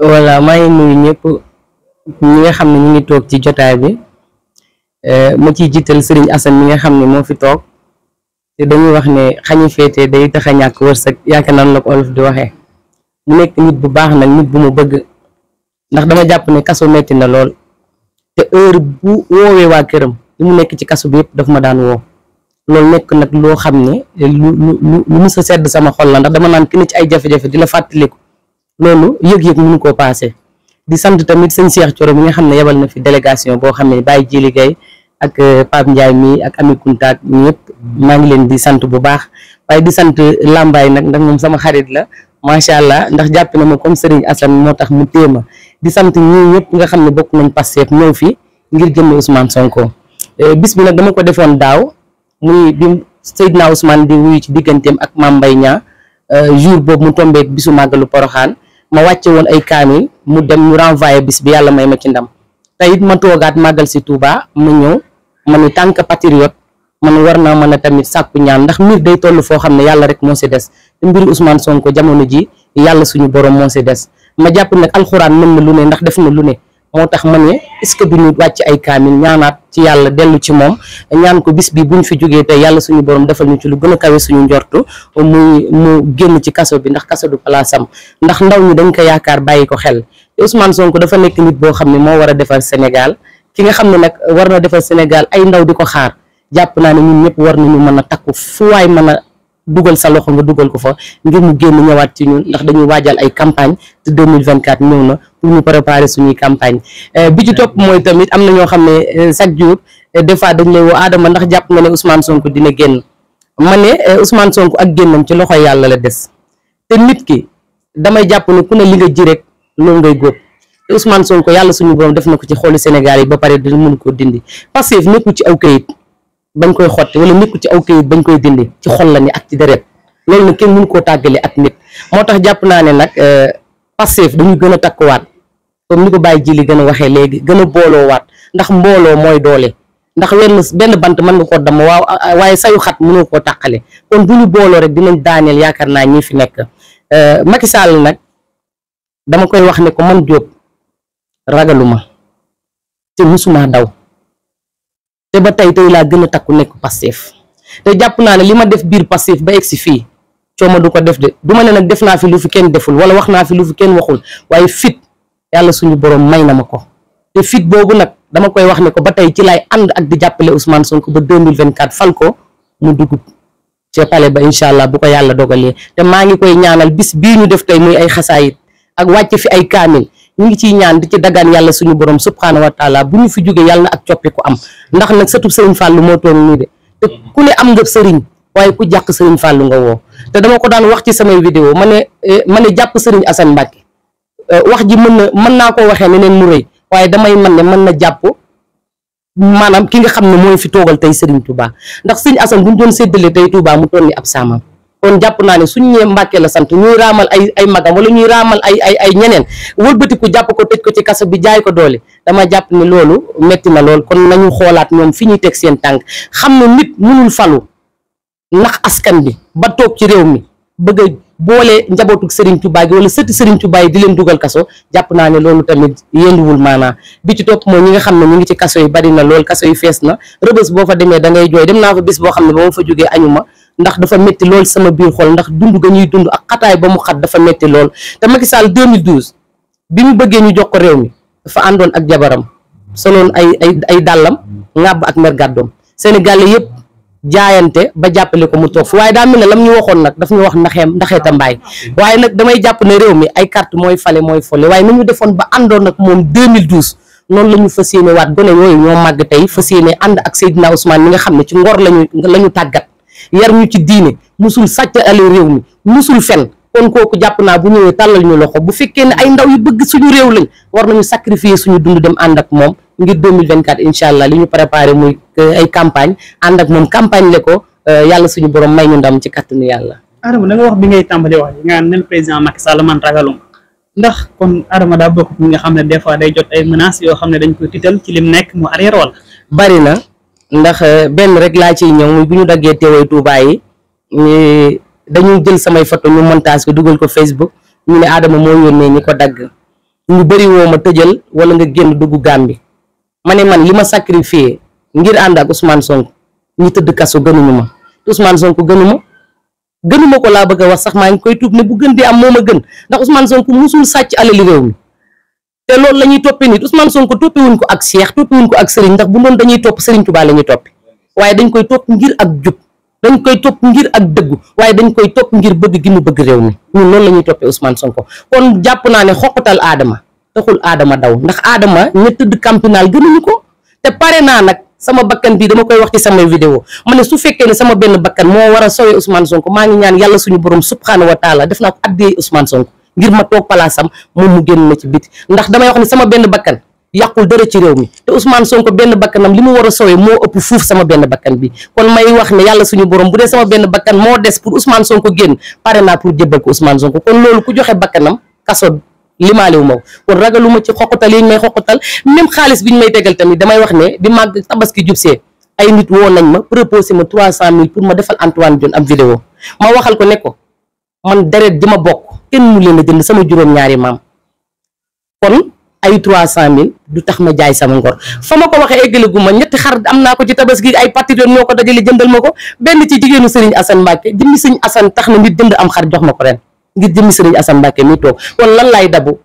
voilà maa ngi nuyu ñëpp ñi nga xam ne ñu ngi toog ci jotaay bi eh, ma ciy jiital sëriñ Assane mi nga xam ne moo fi toog te dañuy wax ne xañi féete day tax a ñàkk wërsëg yaakaar naan la ko olof di waxee nekk nit bu baax nag nit bu mu bëgg ndax dama jàpp ne kaso metti na lool te heure bu woowee waa këram li mu nekk ci kaso bi yëpp daf ma daan woo loolu nekk nag loo xam ne lu lu lu mu sa sedd sama xol la ndax dama naan ki ne ci ay jafe-jafe di la fàttaliku. loolu yëg-yëg mënu ko paase di sant tamit sëñ Cheikh Thioro mi nga xam ne yebal na fi délégation boo xam ne Baye Djili ak euh, Pape Ndiaye mi ak Ami Kunta ak ñëpp maa ngi leen di sant bu baax waaye di Lambaay nag ndax moom sama xarit la macha allah ndax jàpp na ma comme Serigne Assane moo tax mu téema di sant ñii ñëpp nga xam ne bokk nañ Pastef ñëw fi ngir jëmmi Ousmane Sonko euh, bis bi nag dama ko defoon daaw mu muy bi Seydina Ousmane di wuyu ci digganteem ak Mame ñaa Niang euh, boobu mu tombeek bisu màggalu Poroxaan ma wàcce woon ay kaamil mu dem ñu renvoyé bis bi yàlla may ma ci ndam tey it ma toogaat màggal si Touba ma ñëw ma ne tant que patriote man war naa mën a tamit sàkku ñaan ndax mbir day toll foo xam ne yàlla rek moo si des te mbiru Ousmane Sonko jamono ji yàlla suñu borom moo si des ma jàpp nag alxuraan mën na lu ne ndax def na lu ne moo tax ma ne est-ce que duñu wàcc ay kaamil ñaanaat ci yàlla dellu ci moom ñaan ko bis bi buñ fi jógee tey yàlla suñu borom defal ñu ci lu gën a kawe suñu njortu muy mu génn ci kaso bi ndax kaso du palaasam ndax ndaw ñi dañ ko yaakaar bàyyi ko xel te Ousmane ko dafa nekk nit boo xam ne moo war a defar Sénégal ki nga xam ne nag war na defar Sénégal ay ndaw di ko xaar jàpp naa ne ñun ñëpp war nañu mën a takku fu waay mën a dugal sa loxo nga dugal ko fa ngir mu génn ñëwaat ci ñun ndax dañuy waajal ay campagne te 2024 ñëw na pour ñu préparer suñuy campagne eh, bi ci topp mooy tamit am na ñoo xam ne eh, chaque jour eh, des fois dañ lay woo Adama ndax jàpp nga ne Ousmane Sonko dina génn ma ne Ousmane Sonko ak génnam ci loxo yàlla la des te mit ki damay jàpp ne ku ne li nga jirek rek loolu ngay góob te Ousmane yàlla suñu borom def na ko ci xooli Sénégal yi ba pare dina mun koo dindi Pastef nekku ci aw kayit bañ koy xotti wala nekkul ci aw kayit bañ koy dindi ci xol la ni ak ci deret loolu nag kenn munu koo tàggale ak nit moo tax jàpp naa ne nag euh, Pastef dañu gën a takkuwaat comme ni ko bàyyi ji li gën a waxee léegi gën a booloowaat ndax mbooloo mooy doole ndax wenn benn bant mën nga koo damm waaw waaye sayu xat mënoo koo tàqale kon bu ñu booloo rek dinañ daaneel yaakaar naa ñi fi nekk euh, Macky Sall nag dama koy wax ne ko man Diop ragaluma te musuma daw te ba tey tey laa gën a takku nekk Pastef te jàpp naa ne li ma def biir Pastef ba egsi fii cooma du ko def de du ma ne nag def naa fi lu fi kenn deful wala wax naa fi lu fi kenn waxul waaye fit yàlla suñu borom may na ma ko te fit boobu nag dama koy wax ne ko ba tey ci laay ànd ak di jàppale Ousmane Sonko ba 2024 fal ko mu dugub ca palais ba incha allah bu ko yàlla dogalee te maa ngi koy ñaanal bis bii ñu def tey muy ay xasaayit ak wàcc fi ay kaamil mu ngi ciy ñaan di ci dagaan yàlla suñu borom subhaanahu wa taala bu ñu fi jógee yàlla na ak coppiku am ndax nag sëtub sëriñ fàllu moo toll nii de te ku ne am nga sëriñ waaye ku jàq sëriñ fàllu nga woo te dama ko daan wax ci samay vidéo ma ne eh, ma ne jàpp sëriñ Assane Mbacke eh, wax ji mën na mën naa ko waxee ne mu rëy waaye damay man ne mën na jàpp maanaam ki nga xam ne mooy fi toogal tey sëriñ Touba ndax sëriñ bu buñ doon séddale tey tubaa mu toll ni ab saamam kon jàpp naa ne suñu ñee Mbàkke la sant ñuy raamal ay ay magam wala ñuy raamal ay ay ay ñeneen wëlbatiku jàpp ko tëj ko ci kaso bi jaay ko doole dama jàpp ni loolu metti na lool kon nañu xoolaat moom fi ñuy teg seen tànk xam ne nit mënul falu ndax askan bi ba toog ci réew mi bëgg boole njabootu Serigne Touba gi wala sëti Serigne Touba yi di leen dugal kaso jàpp naa ne loolu tamit yéenduwul maanaa bi ci topp moom ñi nga xam ne ñu ngi ci kaso yi bari na lool kaso yi fees na rëbës boo fa demee da ngay jooy dem naa fa bis boo xam ne ba ma fa jógee añu ma ndax dafa metti lool sama biir xol ndax dund ga ñuy dund ak xataay ba mu xat dafa metti lool te Macky Sall 2012 bi mu bëggee ñu jox ko réew mi dafa àndoon ak jabaram soloon ay ay ay dàllam ŋàbb ak mer gàddoom Sénégalais yëpp jaayante ba jàppale ko mu toog fi waaye daa mel ne lam ñu waxoon nag daf ñu wax ndaxeem ndaxeeta mbaay waaye nag damay jàpp ne réew mi ay carte mooy fale mooy fole waaye na ñu defoon ba àndoon nag moom 2012 noonu la ñu fas yéene waat gone yooyu ñoo màgg tey fas yéene ànd ak Seydina Ousmane mi nga xam ne ci ngor lañu la ñu tàggat yar ñu ci diine musul sàcc ale réew mi musul fen kon kooku jàpp naa bu ñëwee tàllal ñu loxo bu fekkee ne ay ndaw yu bëgg suñu réew lañ war nañu sacrifier suñu dund dem ànd ak moom ngir 2024 incha allah li ñu préparé muy euh, ay campagne ànd ak moom campagne le ko euh, yàlla suñu borom may ñu ndam ci kattanu yàlla. Adama da wax bi ngay tàmbali wax yi nga naan président Macky Sall man ragaluma ndax kon Adama daa bokk nga xam ne des fois day jot ay menaces yoo xam ne dañu koy tiital ci lim nekk mu arrière wala. bari na ndax euh, benn rek laa ciy ñëw muy bu ñu daggee teewee Touba yi dañuy jël samay photo ñu montage ko dugal ko Facebook ñu ne Adama moo yónnee ko dagg ñu bëri woo ma tëjal wala nga génn dugg Gàmbi ma ne man li ma sacrifié ngir ànd ak Ousmane Sonko ñi tëdd kaso gënuñu ma Ousmane Sonko gënu ma gënu ma ko laa bëgg a wax sax maa ngi koy tuub ne bu gën di am moo ma gën ndax Ousmane Sonko musul sàcc alali réew mi te loolu la ñuy toppee nit usman Sonko toppewuñ ko ak Cheikh toppewuñ ko ak Serigne ndax bu doon dañuy topp Serigne Touba la ñuy topp waaye dañ koy topp ngir ak jub dañ koy topp ngir ak dëggu waaye dañ koy topp ngir bëgg gi mu bëgg réew mi ñun loolu la ñuy toppee Ousmane Sonko kon jàpp naa ne xoqatal aadama taxul aadama daw ndax aadama ña tëdd campinal gënuñu ko te pare naa nag bakkan bii dama koy wax ci samay vidéo ma su fekkee ne sama benn bakkan moo war a sowee Ousmane Sonko maa ngi ñaan yàlla suñu borom subhanahu wa taala def naa ko addiyee Ousmane Sonko ngir ma toog palaasam moom mu génn na ci biti ndax damay wax ne sama benn bakkan yàqul dara ci réew mi te Ousmane Sonko benn bakkanam li mu war a sowee moo ëpp fuuf sama benn bakkan bi kon may wax ne yàlla suñu borom bu dee sama benn bakkan moo des pour Ousmane Sonko génn pare naa pour jébbal ko Ousmane Sonko kon loolu ku joxe bakkanam kaso limaale wu ma kon ragalu ma ci xoqatal yi ñu may xoqatal même xaalis bi ñu may tegal tamit damay wax ne di màgg tabaski jub see ay nit woo nañ ma proposé ma 300000 pour ma defal Antoine Diome am vidéo ma waxal ko ne ko man deret ji ma bokk kenn a jënd sama juróom-ñaari maam kon ay 300000 du tax ma jaay sama ngor fa ma ko waxee eggale gu ma ñetti xar am naa ko ci tabaski ay patriote ñoo ko dajale jëndal ma ko benn ci jigéenu sëriñ Assane Mbacke jëmmi Serigne Assane tax na nit jënd am xar jox ma ko ren. ngir jëmmi sëriñ Assane Mbacke mi toog kon lan lay dabu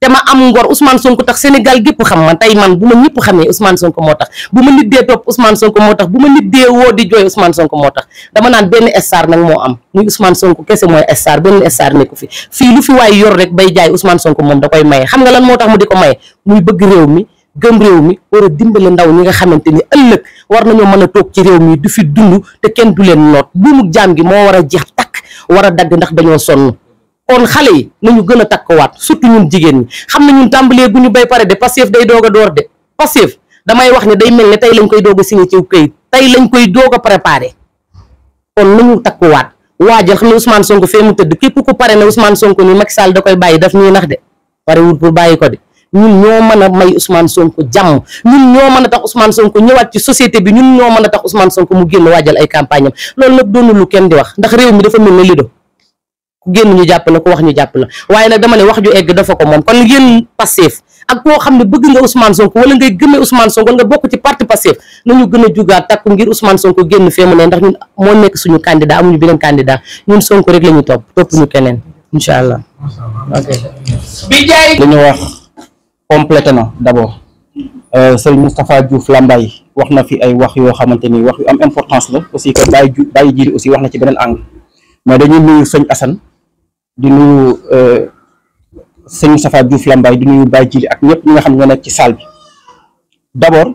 te ma am ngor Ousmane Sonko tax Sénégal gépp xam ma tey man bu ma ñëpp xamee Ousmane Sonko moo tax bu ma nit dee topp Ousmane Sonko moo tax bu ma nit woo di jooy Ousmane moo tax dama naan benn star nag moo am muy Ousmane Sonko kese mooy star benn star nekku fi fii lu fi waay yor rek bay jaay Ousmane Sonko moom da koy maye xam nga lan moo tax mu di ko maye muy bëgg réew mi gëm réew mi war a dimbale ndaw ñi nga xamante ni ëllëg war nañoo mën a toog ci réew mi du fi dund te kenn du leen noot buumu jaam gi moo war a jeex takk war a dagg ndax dañoo sonn kon xale yi nañu gën a takkuwaat surtout ñun jigéen ñi xam na ñun tàmbalee gu ñu bay pare de Pastef day doog a door de Pastef damay wax ne day mel ni tey lañ koy doog si signé ci këyit tey lañ koy doog a préparé kon nañu takkuwaat waajal xam ne Ousmane Sonko fee mu tëdd képp ku pare ne Ousmane Sonko ni Macky Sall da koy bàyyi daf ñuy nax de parewul pour bàyyi ko ñun ñoo mën a may Ousmane Sonko jàmm ñun ñoo mën a tax usmaan Sonko ñëwaat ci société bi ñun ñoo mën a tax Ousmane Sonko mu génn waajal ay campagne am loolu nag doonu lu kenn di wax ndax réew mi dafa mel ne lido ku génn ñu jàpp la ku wax ñu jàpp la waaye nag dama ne wax ju egg dafa ko moom kon yéen Pastef ak koo xam ne bëgg nga Ousmane Sonko wala ngay gëmee Ousmane Sonko wala nga bokk ci parti Pastef nañu gën a jugaat takku ngir Ousmane Sonko génn fee mu ne ndax ñun moo nekk suñu candidat amuñu beneen candidat ñun Sonko rek la ñu topp topp ñu keneen incha allah ok bi jaay dañu wax complété na d' abord euh, Serigne Moustapha Diouf Lambaye wax na fi ay wax yoo xamante ni wax yu am importance la aussi que Baye ju Baye aussi wax na ci beneen angle mais dañuy nuyu sëñ Assane di nuyu euh, sëñ Moustapha Diouf Lambaye di nuyu Baye Jili ak ñëpp ñi nga xam ne ñoo nekk ci salle bi d' abord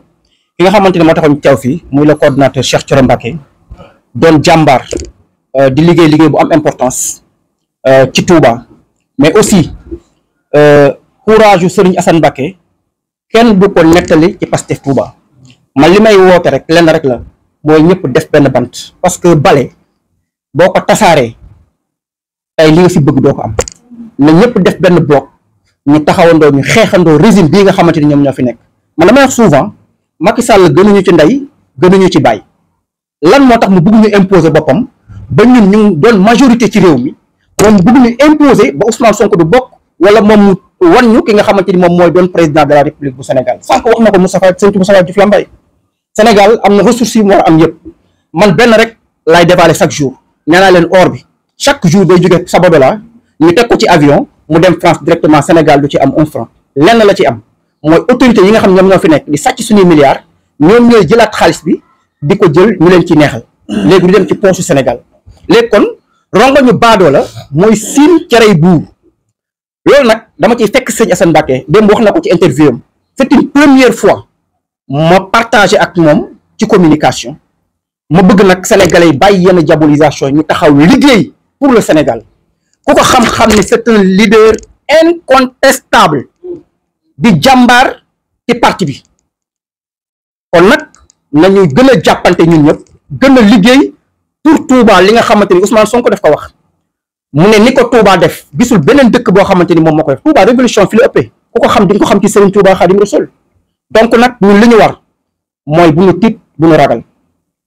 ki nga xamante ne moo taxoon teew fii muy le coordonnateur Cheikh Thioro Mbacké doon jàmbaar euh, di liggéey liggéey bu am importance ci Touba mais aussi. courage yu Serigne Assane Mbacké kenn du ko nettali ci Pastef Touba man li may woote rek lenn rek la mooy ñëpp def benn bant parce que bale boo ko tasaaree tey li nga fi bëgg doo ko am na ñëpp def benn bloc ñu taxawandoo ñu xeexandoo régime bi nga xamante ni ñoom ñoo fi nekk man damay wax souvent sàll Sall gënuñu ci ndey gënuñu ci bàyyi lan moo tax mu bëgg ñu imposer boppam ba ñun ñu doon majorité ci réew mi moom bëgg ñu imposer ba Ousmane Sonko bokk. wala moom wan ñu ki nga xamante ni moom mooy doon président de la république bu Sénégal sànq wax na ko Moustapha Serigne Moustapha Diouf Lambaye am na man benn rek laay déballer chaque jour nee naa leen or bi chaque jour day jóge Sabodala ñu teg ko ci avion mu dem France directement Sénégal du ci am un franc lenn la ci am mooy autorité yi nga xam ñoom ñoo fi nekk di sàcc suñuy milliards ñoom ñooy jëlaat xaalis bi di ko jël ñu leen ci neexal léegi du dem ci poche Sénégal léegi kon rongo ñu baadoo la mooy siin cerey buur loolu nag dama ciy fekk sëñ Assane Mbacké démb wax na ko ci interview am c'est une première fois ma partagé ak moom ci communication ma bëgg nag sénégalais yi bàyyi yenn diabolisation ñu taxaw liggéey pour le Sénégal ku ko xam-xam ni c'est un leader incontestable di jàmbaar ci parti bi kon nag nañu gën a jàppante ñun ñëpp gën a liggéey pour Touba li nga xamante ni Ousmane ko def ko wax mu ne ni ko Touba def gisul beneen dëkk boo xamante ni moom moo ko def Touba révolution fi la ëppee ku ko xam di ko xam ci Serigne Touba Khadim Rasoul donc nag ñun li ñu war mooy bu ñu tiit bu ñu ragal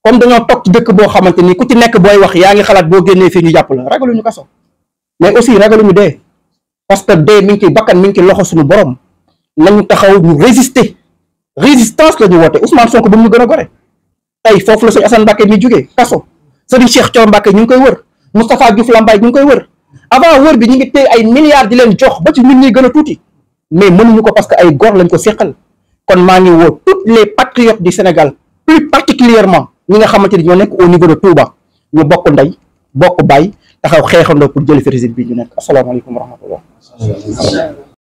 comme dañoo toog dëkk boo xamante ni ku ci nekk booy wax yaa ngi xalaat boo génnee fii ñu jàpp la ragaluñu kaso mais aussi ragaluñu dee parce que dee mi ngi ci bakkan mi ngi ci loxo suñu borom nañu taxaw ñu résister résistance la ñu woote Ousmane Sonko bu mu ñu gën a gore tey foofu la suñu Assane Mbacké mi jugee kaso Serigne Cheikh Thioro Mbacké ñu ngi koy wër Moustapha Diouf Lambaye ñu ngi koy wër avant wër bi ñu ngi te ay milliards di leen jox ba ci mit ñuy gën a tuuti mais mënuñu ko parce que ay gor lañ ko séqal kon maa ngi woo toutes les patriotes du Sénégal plus particulièrement ñi nga xamante ni ñoo nekk au niveau de Touba ñu bokk ndey bokk baay taxaw xeexandoo pour jëli fi résultat bi ñu nekk asalaamaaleykum wa rahmatullah